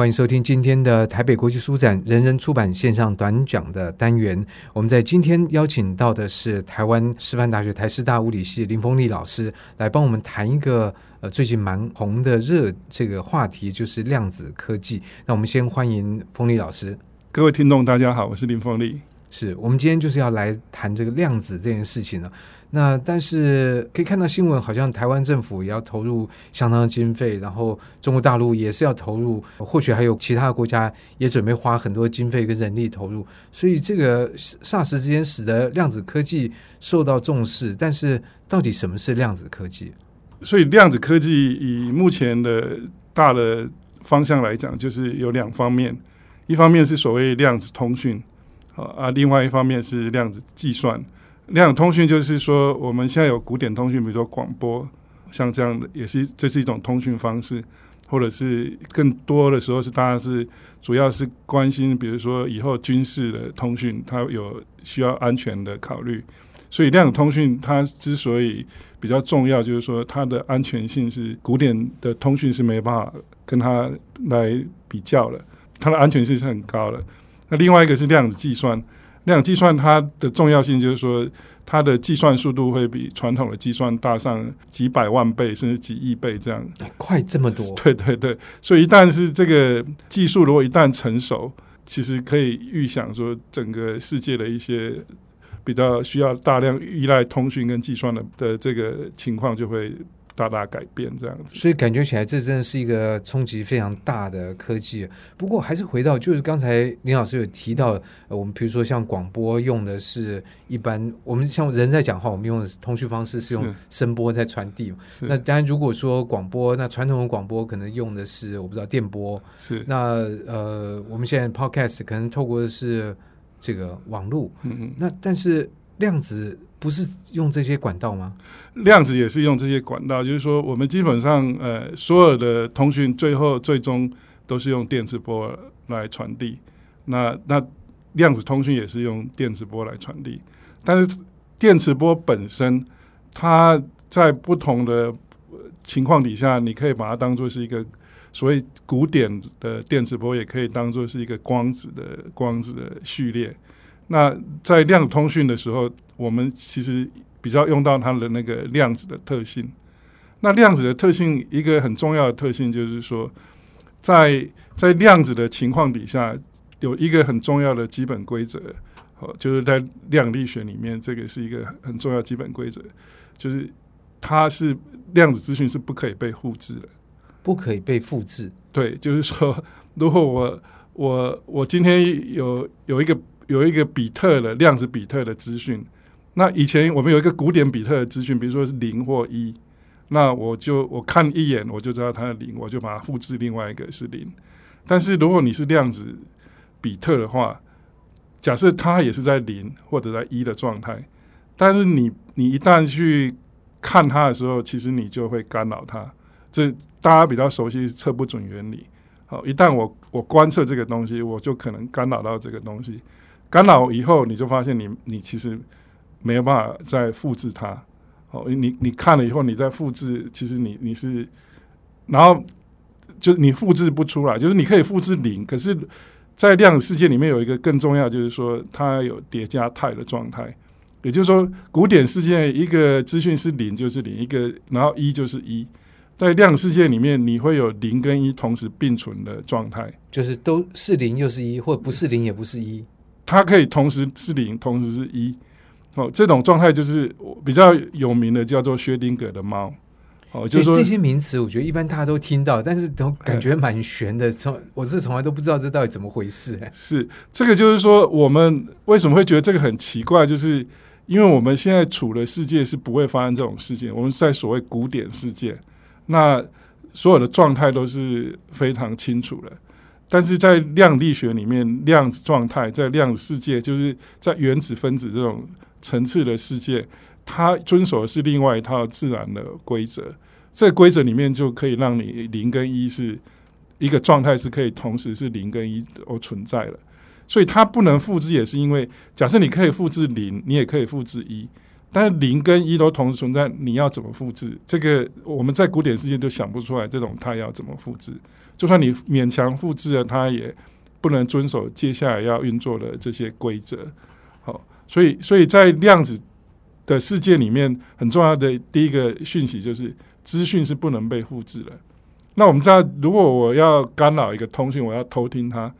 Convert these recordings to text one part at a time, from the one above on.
歡迎收聽今天的台北國際書展人人出版線上短講的單元。我們在今天邀請到的是臺灣師範大學台師大物理系林豐利老師，來幫我們談一個呃最近蠻紅的熱這個話題，就是量子科技。那我們先歡迎豐利老師。各位聽眾，大家好，我是林豐利。是我們今天就是要來談這個量子這件事情了，那但是可以看到新聞，好像台灣政府也要投入相當的經費，然後中國大陸也是要投入，或許還有其他的國家也準備花很多的經費跟人力投入。所以這個霎時之間使得量子科技受到重視。但是到底什麼是量子科技？所以量子科技以目前的大的方向來講，就是有兩方面，一方面是所謂量子通訊。啊，另外一方面是量子計算，量子通訊就是說，我們現在有古典通訊，比如說廣播，像這樣的也是這是一種通訊方式，或者是更多的時候是大家是主要是關心，比如說以後軍事的通訊，它有需要安全的考慮，所以量子通訊它之所以比較重要，就是說它的安全性是古典的通訊是沒辦法跟它來比較的，它的安全性是很高的。那另外一個是量子計算，量子計算它的重要性就是說，它的計算速度會比傳統的計算大上幾百萬倍甚至幾億倍這樣。快這麼多？對對對，所以一旦是這個技術如果一旦成熟，其實可以預想說，整個世界的一些比較需要大量依賴通訊跟計算的的這個情況就會。大大改變這樣子，所以感覺起來這真的是一個衝擊非常大的科技。不過還是回到，就是剛才林老師有提到，我們比如說像廣播用的是一般，我們像人在講話，我們用的通訊方式是用聲波在傳遞。那當然，如果說廣播，那傳統的廣播可能用的是，我不知道電波。是那呃，我們現在 podcast 可能透過的是這個網路。嗯，那但是量子。不是用這些管道嗎？量子也是用這些管道，就是說，我們基本上呃，所有的通訊最後最終都是用電磁波來傳遞。那那量子通訊也是用電磁波來傳遞，但是電磁波本身，它在不同的情況底下，你可以把它當做是一個，所謂古典的電磁波，也可以當做是一個光子的光子的序列。那在量子通訊的時候，我們其實比較用到它的那個量子的特性。那量子的特性，一個很重要的特性就是說，在在量子的情況底下，有一個很重要的基本規則，哦，就是在量力學裡面，這個是一個很重要的基本規則，就是它是量子資訊是不可以被複製的，不可以被複製。對，就是說，如果我我我今天有有一個。有一個比特的量子比特的資訊，那以前我們有一個古典比特的資訊，比如說是零或一，那我就我看一眼我就知道它是零，我就把它複製另外一個是零。但是如果你是量子比特的話，假設它也是在零或者在一的狀態，但是你你一旦去看它的時候，其實你就會干擾它。這大家比較熟悉測不準原理。好，一旦我我觀測這個東西，我就可能干擾到這個東西。干擾以後，你就發現你你其實沒有辦法再複制它。哦，你你看了以後，你再複制，其實你你是，然後就你複制不出來。就是你可以複制零，可是，在量子世界裡面有一個更重要，就是說它有疊加態的狀態。也就是說，古典世界一個資訊是零就是零，一個然後一就是一，在量子世界裡面，你會有零跟一同時並存的狀態，就是都是零又是一，或不是零也不是一。它可以同時是零，同時是一，哦，這種狀態就是比較有名的叫做薛定諤的貓，哦，對就是說，這些名詞，我覺得一般大家都聽到，但是都感覺蠻玄的，從、欸、我是從來都不知道這到底怎麼回事、欸。是這個，就是說我們為什麼會覺得這個很奇怪，就是因為我們現在處的世界是不會發生這種事情，我們在所謂古典世界，那所有的狀態都是非常清楚的。但是在量子力學裡面，量子狀態在量子世界，就是在原子分子這種層次的世界，它遵守的是另外一套自然的規則。這個規則裡面就可以讓你零跟一是一個狀態，是可以同時是零跟一都存在的。所以它不能複製，也是因為假設你可以複製零，你也可以複製一。但零跟一都同時存在，你要怎麼複製？這個我們在古典世界都想不出來，這種它要怎麼複製？就算你勉強複製了，它也不能遵守接下來要運作的這些規則。好，所以所以在量子的世界裡面，很重要的第一個訊息就是資訊是不能被複製的。那我們知道，如果我要干擾一個通訊，我要偷聽它，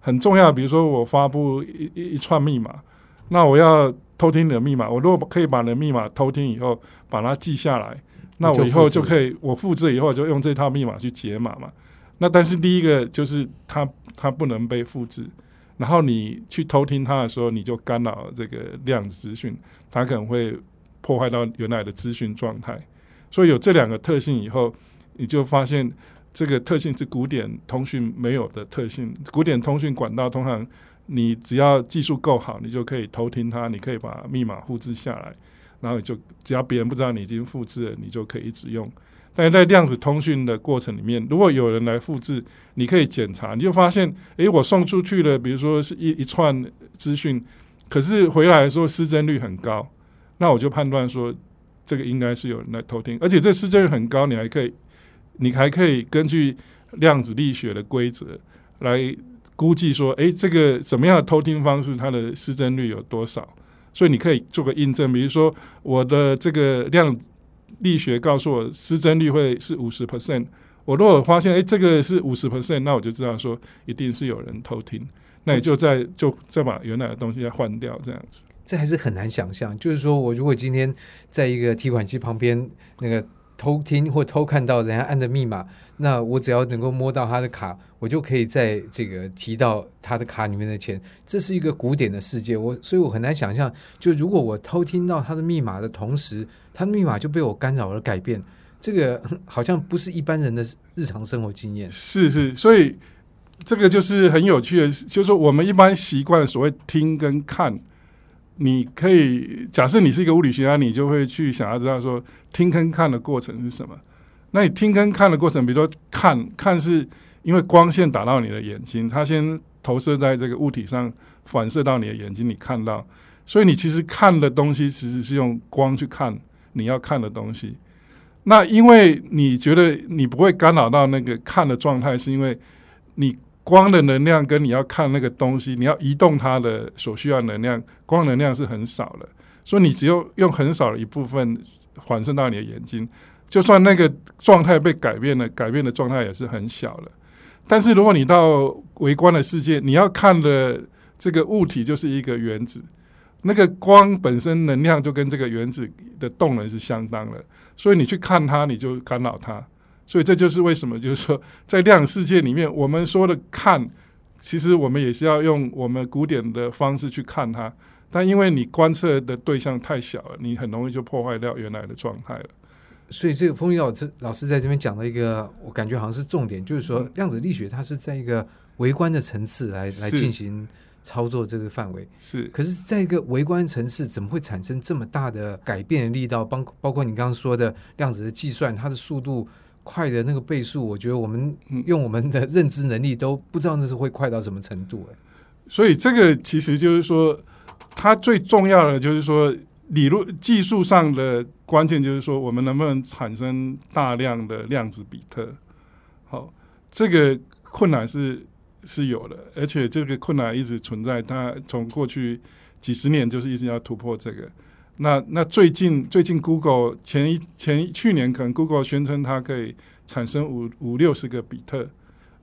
很重要。比如說，我發布一一一串密碼，那我要。偷聽你的密碼，我如果可以把你的密碼偷聽以後把它記下來，那我以後就可以，我複製以後就用這套密碼去解碼嘛。那但是第一個就是它它不能被複製，然後你去偷聽它的時候，你就干擾這個量子資訊，它可能會破壞到原來的資訊狀態。所以有這兩個特性以後，你就發現這個特性是古典通訊沒有的特性。古典通訊管道通常。你只要技術夠好，你就可以偷聽它，你可以把密碼複製下來，然後你就只要別人不知道你已經複製了，你就可以一直用。但是在量子通訊的過程裡面，如果有人來複製，你可以檢查，你就發現，誒，我送出去了，比如說是一一串資訊，可是回來的時候失真率很高，那我就判斷說，這個應該是有人來偷聽，而且這失真率很高，你還可以，你還可以根據量子力學的規則來。估計說，誒，這個什麼樣的偷聽方式，它的失真率有多少？所以你可以做個印證，比如說我的這個量子力學告訴我失真率會是五十 percent，我如果發現誒，這個是五十 percent，那我就知道說一定是有人偷聽，那你就再就再把原來的東西再換掉，這樣子。這還是很難想象，就是說我如果今天在一個提款機旁邊那個。偷聽或偷看到人家按的密碼，那我只要能夠摸到他的卡，我就可以在這個提到他的卡裡面的錢。這是一個古典的世界，我所以我很難想象，就如果我偷聽到他的密碼的同時，他的密碼就被我干擾而改變，這個好像不是一般人的日常生活經驗。是是，所以這個就是很有趣的，就是我們一般習慣所謂聽跟看。你可以假設你是一個物理學家，你就會去想要知道說聽跟看的過程是什麼。那你聽跟看的過程，比如說看，看是因為光線打到你的眼睛，它先投射在這個物體上，反射到你的眼睛裡看到。所以你其實看的東西其實是用光去看你要看的東西。那因為你覺得你不會干擾到那個看的狀態，是因為你。光的能量跟你要看那個東西，你要移動它的所需要能量，光能量是很少的，所以你只有用很少的一部分反射到你的眼睛，就算那個狀態被改變了，改變的狀態也是很小的。但是如果你到微觀的世界，你要看的這個物體就是一個原子，那個光本身能量就跟這個原子的動能是相當的。所以你去看它，你就干擾它。所以這就是為什麼，就是說，在量子世界裡面，我們說的看，其實我們也是要用我們古典的方式去看它，但因為你觀測的對象太小了，你很容易就破壞掉原來的狀態了。所以這個豐利老師老師在這邊講了一個，我感覺好像是重點，就是說量子力學它是在一個微觀的層次來來進行操作這個範圍。是，可是在一個微觀層次，怎麼會產生這麼大的改變的力道？包包括你剛剛說的量子的計算，它的速度。快的那個倍數，我覺得我們用我們的認知能力都不知道那是會快到什麼程度欸。嗯，所以這個其實就是說，它最重要的就是說，理論技術上的關鍵就是說，我們能不能產生大量的量子比特。好，這個困難是是有的，而且這個困難一直存在，它從過去幾十年就是一直要突破這個。那那最近最近 Google 前一前一，去年可能 Google 宣稱它可以產生五五六十個比特，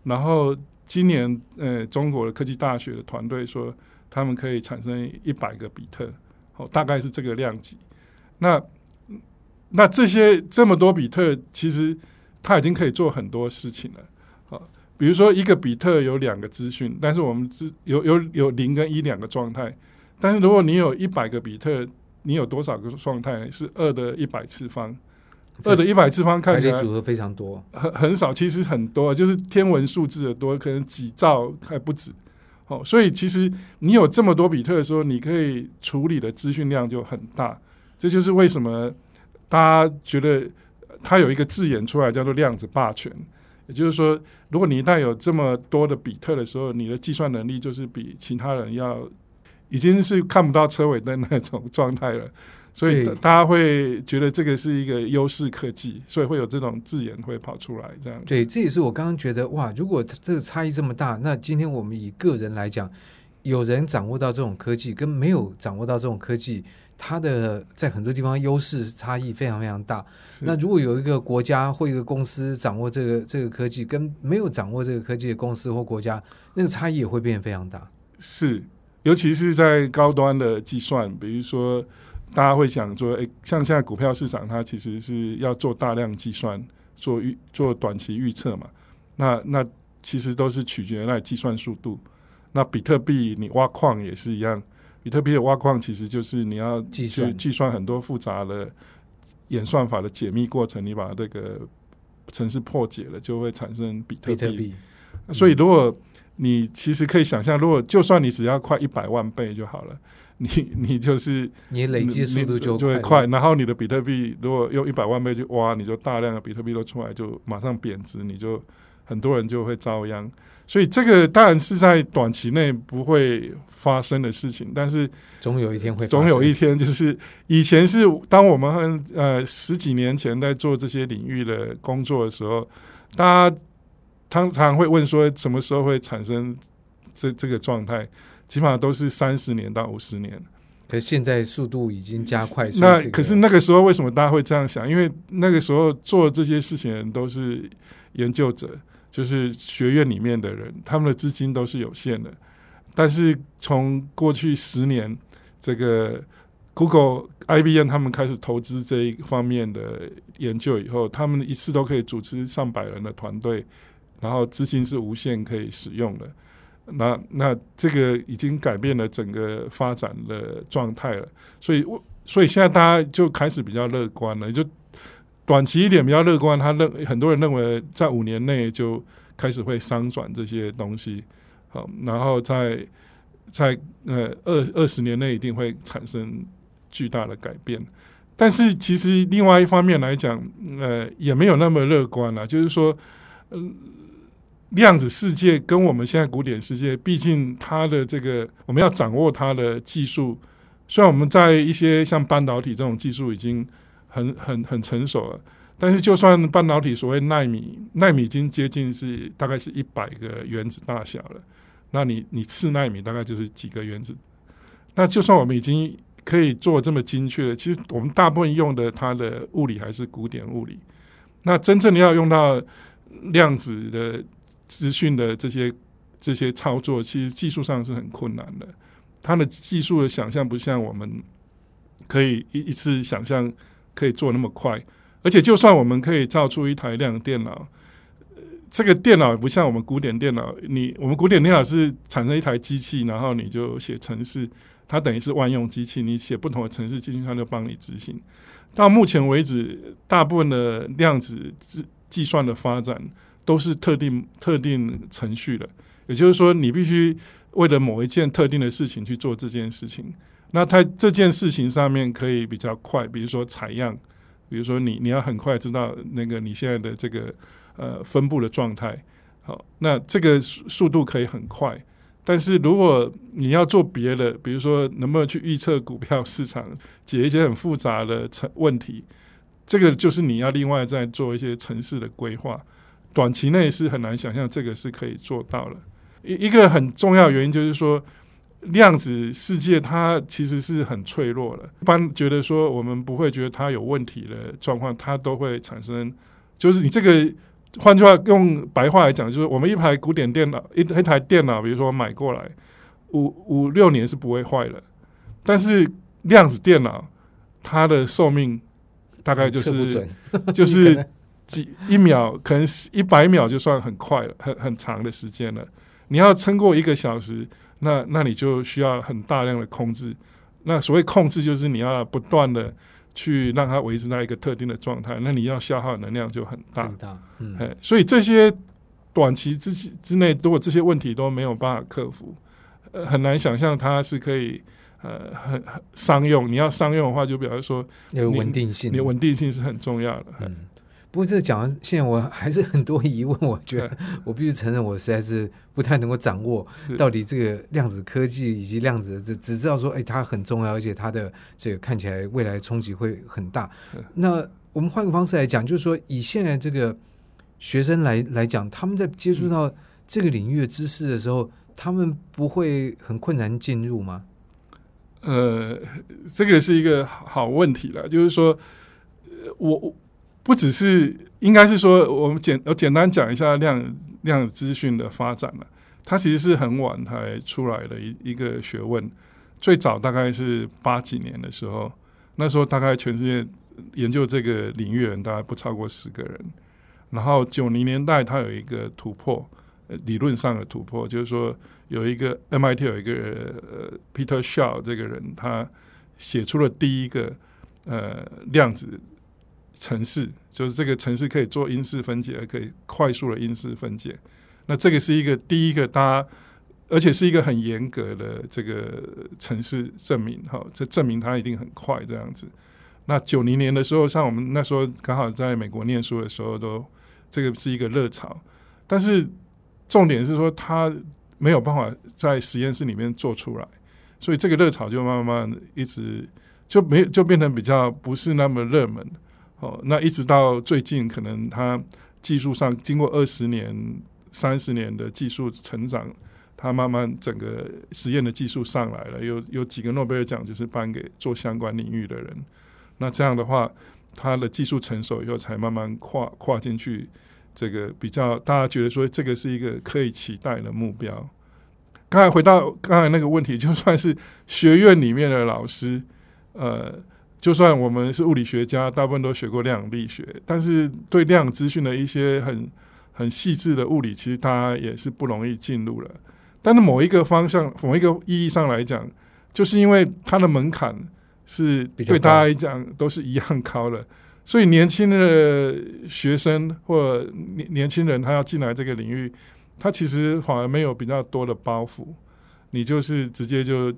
然後今年呃中國的科技大學的團隊說他們可以產生一百個比特，哦大概是這個量級。那那這些這麼多比特，其實它已經可以做很多事情了。好、哦，比如說一個比特有兩個資訊，但是我們只有有有零跟一兩個狀態，但是如果你有一百個比特，你有多少個狀態呢？是二的一百次方，二的一百次方看起來組合非常多，很很少，其實很多，就是天文數字的多，可能幾兆還不止。哦，所以其實你有這麼多比特的時候，你可以處理的資訊量就很大。這就是為什麼大家覺得它有一個字眼出來叫做量子霸權，也就是說，如果你一旦有這麼多的比特的時候，你的計算能力就是比其他人要。已經是看不到車尾燈那種狀態了，所以對大家會覺得這個是一個優勢科技，所以會有這種字眼會跑出來這樣子。對，這也是我剛剛覺得哇，如果這個差異這麼大，那今天我們以個人來講，有人掌握到這種科技，跟沒有掌握到這種科技，它的在很多地方優勢差異非常非常大。是那如果有一個國家或一個公司掌握這個這個科技，跟沒有掌握這個科技的公司或國家，那個差異也會變非常大。是。尤其是在高端的計算，比如說大家會想說，誒，像現在股票市場，它其實是要做大量計算，做預做短期預測嘛。那那其實都是取決於那裡計算速度。那比特幣你挖礦也是一樣，比特幣的挖礦其實就是你要去計算，計算很多複雜的演算法的解密過程，你把這個程式破解了，就會產生比特幣。比特幣所以如果，嗯你其實可以想象，如果就算你只要快一百萬倍就好了，你你就是你累積速度就會快，然後你的比特幣如果用一百萬倍去挖，你就大量的比特幣都出來，就馬上貶值，你就很多人就會遭殃。所以這個當然是在短期內不會發生的事情，但是總有一天會發生。總有一天就是以前是當我們呃十幾年前在做這些領域的工作的時候，大家。常常會問說什麼時候會產生這這個狀態，基本上都是三十年到五十年。可是現在速度已經加快。那、這個、可是那個時候為什麼大家會這樣想？因為那個時候做這些事情的人都是研究者，就是學院裡面的人，他們的資金都是有限的。但是從過去十年，這個 Google、IBM 他們開始投資這一方面的研究以後，他們一次都可以組織上百人的團隊。然後資金是無限可以使用的，那那這個已經改變了整個發展的狀態了，所以所以現在大家就開始比較樂觀了，就短期一點比較樂觀，他認很多人認為在五年內就開始會商轉這些東西，好，然後在在呃二二十年內一定會產生巨大的改變，但是其實另外一方面來講，呃，也沒有那麼樂觀了、啊，就是說，嗯、呃。量子世界跟我們現在古典世界，畢竟它的這個我們要掌握它的技術。雖然我們在一些像半導體這種技術已經很很很成熟了，但是就算半導體所謂奈米，奈米已經接近是大概是一百個原子大小了。那你你次奈米大概就是幾個原子。那就算我們已經可以做這麼精確了，其實我們大部分用的它的物理還是古典物理。那真正要用到量子的。資訊的這些這些操作，其實技術上是很困難的。它的技術的想象不像我們可以一一次想象可以做那麼快。而且，就算我們可以造出一台量子電腦，這個電腦也不像我們古典電腦。你我們古典電腦是產生一台機器，然後你就寫程式，它等於是萬用機器，你寫不同的程式進去，它就幫你執行。到目前為止，大部分的量子計算的發展。都是特定特定程序的，也就是說，你必須為了某一件特定的事情去做這件事情。那它這件事情上面可以比較快，比如說採樣，比如說你你要很快知道那個你現在的這個呃分佈的狀態，好，那這個速度可以很快。但是如果你要做別的，比如說能不能去預測股票市場，解一些很複雜的成問題，這個就是你要另外再做一些程式的規劃。短期內是很難想象這個是可以做到了。一一個很重要的原因就是說，量子世界它其實是很脆弱的。一般覺得說我們不會覺得它有問題的狀況，它都會產生。就是你這個，換句話用白話來講，就是我們一台古典電腦一台台電腦，比如說買過來五五六年是不會壞的。但是量子電腦它的壽命大概就是就是。幾一秒可能一百秒就算很快了，很很長的時間了。你要撐過一個小時，那那你就需要很大量的控制。那所謂控制，就是你要不斷的去讓它維持在一個特定的狀態。那你要消耗能量就很大。很大，嗯，所以這些短期之之內，如果這些問題都沒有辦法克服，呃、很難想象它是可以呃很，很商用。你要商用的話就表示，就比方說，有穩定性，你穩定性是很重要的。嗯。不過這個講完，現在我還是很多疑問。我覺得我必須承認，我實在是不太能夠掌握到底這個量子科技以及量子只是只知道說，哎、欸，它很重要，而且它的這個看起來未來衝擊會很大。嗯、那我們換個方式來講，就是說以現在這個學生來來講，他們在接觸到這個領域的知識的時候，嗯、他們不會很困難進入嗎？呃，這個是一個好問題了，就是說，我。不只是應該是說，我們簡我簡單講一下量量子資訊的發展了。它其實是很晚才出來的一一個學問。最早大概是八幾年的時候，那時候大概全世界研究這個領域人大概不超過十個人。然後九零年代他有一個突破，呃，理論上的突破，就是說有一個 MIT 有一個呃 Peter Shell 這個人，他寫出了第一個呃量子。程式，就是這個程式可以做因式分解，而可以快速的因式分解。那這個是一個第一個它，而且是一個很嚴格的這個程式證明哈。這證明它一定很快這樣子。那九零年的時候，像我們那時候剛好在美國念書的時候都，都這個是一個熱潮。但是重點是說，它沒有辦法在實驗室裡面做出來，所以這個熱潮就慢慢一直就沒就變成比較不是那麼熱門。哦、那一直到最近，可能他技術上經過二十年、三十年的技術成長，他慢慢整個實驗的技術上來了，有有幾個諾貝爾獎就是頒給做相關領域的人。那這樣的話，他的技術成熟以後，才慢慢跨跨進去。這個比較大家覺得說，這個是一個可以期待的目標。剛才回到剛才那個問題，就算是學院裡面的老師，呃。就算我們是物理學家，大部分都學過量子力學，但是對量子資訊的一些很很細緻的物理，其實它也是不容易進入了。但是某一個方向，某一個意義上來講，就是因為它的門檻是對大家來講都是一樣高的，所以年輕的學生或年年輕人，他要進來這個領域，他其實反而沒有比較多的包袱，你就是直接就。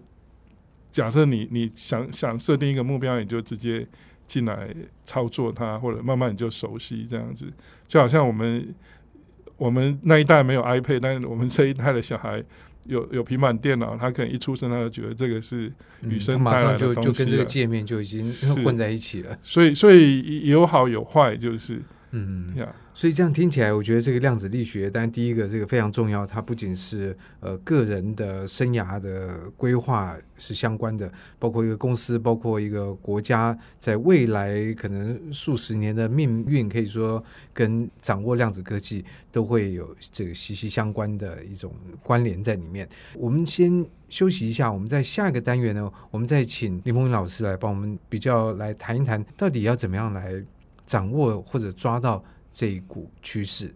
假設你你想想設定一個目標，你就直接進來操作它，或者慢慢你就熟悉這樣子。就好像我們我們那一代沒有 iPad，但是我們這一代的小孩有有平板電腦，他可能一出生他就覺得這個是女生的、嗯、馬上就就跟這個界面就已經混在一起了。所以，所以有好有壞，就是。嗯，所以這樣聽起來，我覺得這個量子力學，當然第一個這個非常重要，它不僅是呃個人的生涯的規劃是相關的，包括一個公司，包括一個國家，在未來可能數十年的命運，可以說跟掌握量子科技都會有這個息息相關的一種關聯在裡面。我們先休息一下，我們在下一個單元呢，我們再請林豐利老師來幫我們比較來談一談，到底要怎麼樣來。掌握或者抓到這一股趨勢。